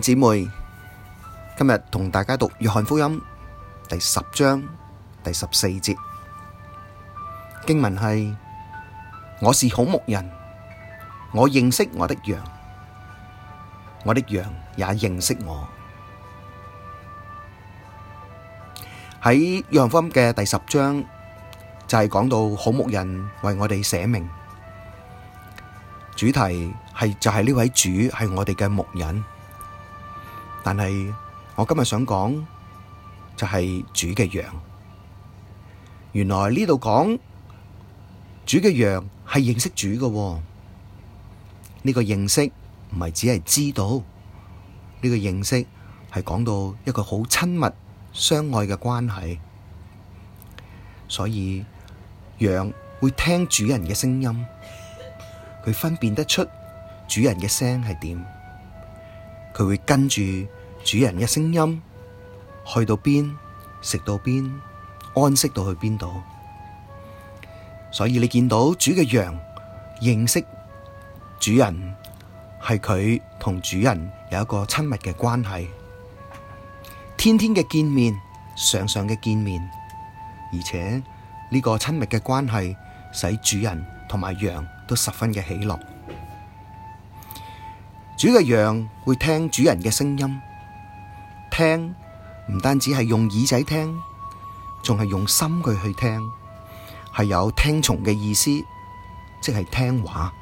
姊妹，今日同大家讀約翰福音第十章第十四節，經文係：我是好牧人，我認識我的羊，我的羊也認識我。喺約翰福音嘅第十章就係講到好牧人為我哋寫明，主題係就係呢位主係我哋嘅牧人。但係我今日想講就係主嘅羊，原來呢度講主嘅羊係認識主嘅喎，呢個認識唔係只係知道，呢個認識係講到一個好親密相愛嘅關係，所以羊會聽主人嘅聲音，佢分辨得出主人嘅聲係點。佢會跟住主人嘅聲音去到邊，食到邊，安息到去邊度。所以你見到主嘅羊認識主人，係佢同主人有一個親密嘅關係，天天嘅見面，常常嘅見面，而且呢、這個親密嘅關係，使主人同埋羊都十分嘅喜樂。主嘅羊會聽主人嘅聲音，聽唔單止係用耳仔聽，仲係用心去去聽，係有聽從嘅意思，即係聽話。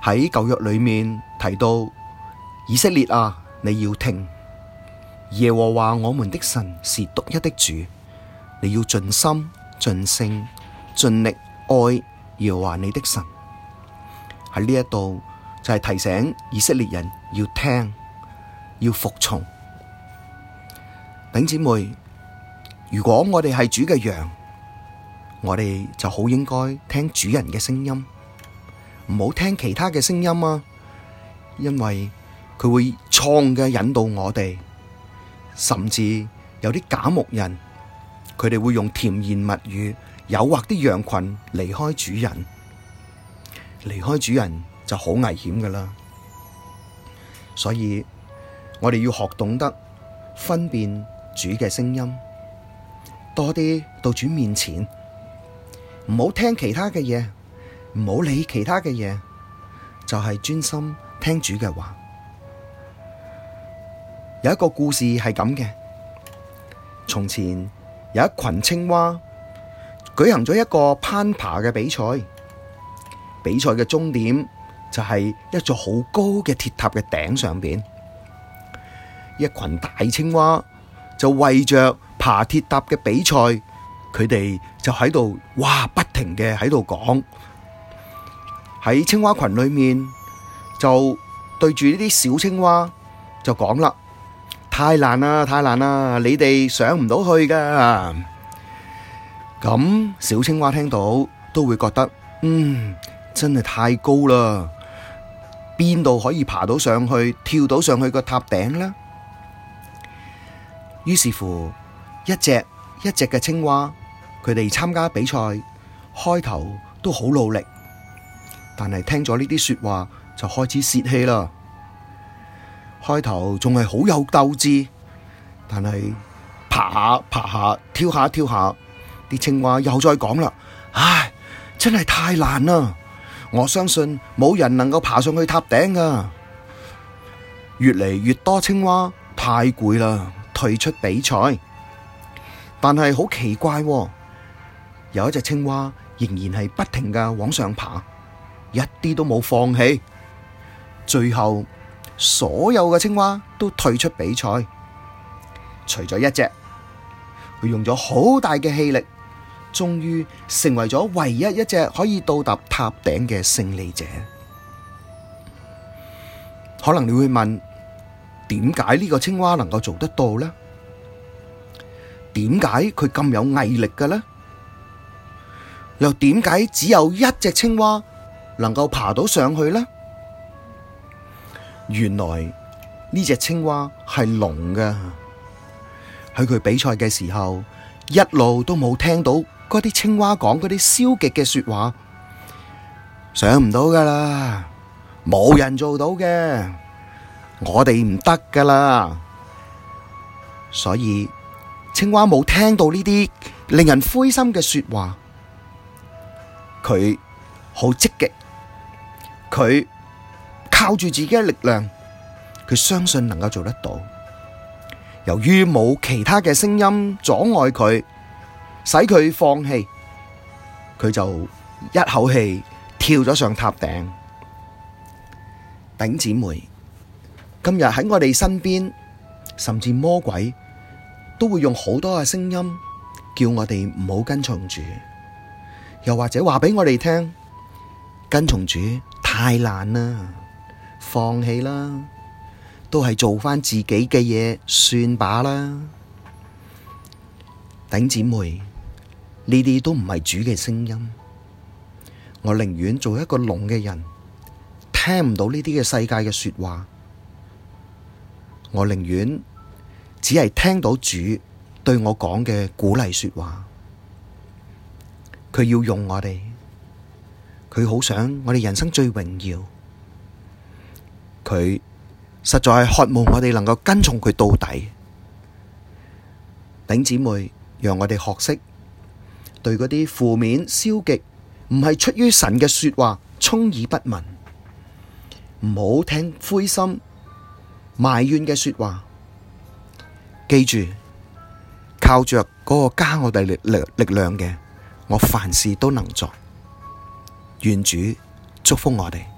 喺舊約裏面提到以色列啊，你要聽耶和華我們的神是獨一的主，你要盡心、盡性、盡力愛耶和華你的神。喺呢一度。就係提醒以色列人要聽，要服從。弟兄姊妹，如果我哋係主嘅羊，我哋就好應該聽主人嘅聲音，唔好聽其他嘅聲音啊！因為佢會錯嘅引導我哋，甚至有啲假牧人，佢哋會用甜言蜜語誘惑啲羊群離開主人，離開主人。就好危險㗎喇，所以我哋要學懂得分辨主嘅聲音，多啲到主面前，唔好聽其他嘅嘢，唔好理其他嘅嘢，就係專心聽主嘅話。有一個故事係咁嘅，從前有一群青蛙舉行咗一個攀爬嘅比賽，比賽嘅終點，就係一座好高嘅鐵塔嘅頂上邊，一群大青蛙就為着爬鐵塔嘅比賽，佢哋就喺度，哇，不停嘅喺度講。喺青蛙群裏面，就對住呢啲小青蛙就講啦，太難啦，太難啦，你哋上唔到去噶。咁小青蛙聽到都會覺得，嗯，真係太高啦。邊度可以爬到上去，跳到上去個塔頂呢？於是乎，一隻一隻嘅青蛙，佢哋參加比賽，開頭都好努力，但係聽咗呢啲說話，就開始洩氣啦。開頭仲係好有鬥志，但係爬下爬下，跳下跳下，啲青蛙又再講啦：唉，真係太難啦！我相信冇人能夠爬上去塔頂噶，越嚟越多青蛙太攰啦，退出比賽。但係好奇怪喎，有一隻青蛙仍然係不停嘅往上爬，一啲都冇放棄。最後，所有嘅青蛙都退出比賽，除咗一隻，佢用咗好大嘅氣力。終於成為咗唯一一隻可以到達塔頂嘅勝利者。可能你會問，點解呢個青蛙能夠做得到呢？點解佢咁有毅力嘅呢？又點解只有一隻青蛙能夠爬到上去呢？原來呢隻青蛙係聾嘅。喺佢比賽嘅時候，一路都冇聽到，嗰啲青蛙講嗰啲消極嘅說話，想唔到㗎喇，冇人做到嘅，我哋唔得㗎喇。所以青蛙冇聽到呢啲令人灰心嘅說話，佢好積極，佢靠住自己嘅力量，佢相信能夠做得到。由於冇其他嘅聲音阻礙佢，使佢放棄，佢就一口氣跳咗上塔頂。頂姊妹，今日喺我哋身邊，甚至魔鬼都會用好多嘅聲音叫我哋唔好跟從主，又或者話畀我哋聽：「跟從主太難啦，放棄啦，都係做翻自己嘅嘢算把啦！」頂姊妹。呢啲都唔係主嘅聲音，我寧願做一個聾嘅人，聽唔到呢啲嘅世界嘅說話。我寧願只係聽到主對我講嘅鼓勵說話。佢要用我哋，佢好想我哋人生最榮耀。佢實在係渴望我哋能夠跟從佢到底。頂姊妹，讓我哋學識。對嗰啲負面消極唔係出於神嘅說話充耳不聞，唔好聽灰心埋怨嘅說話。記住，靠着嗰個加我哋力力量嘅，我凡事都能做。願主祝福我哋。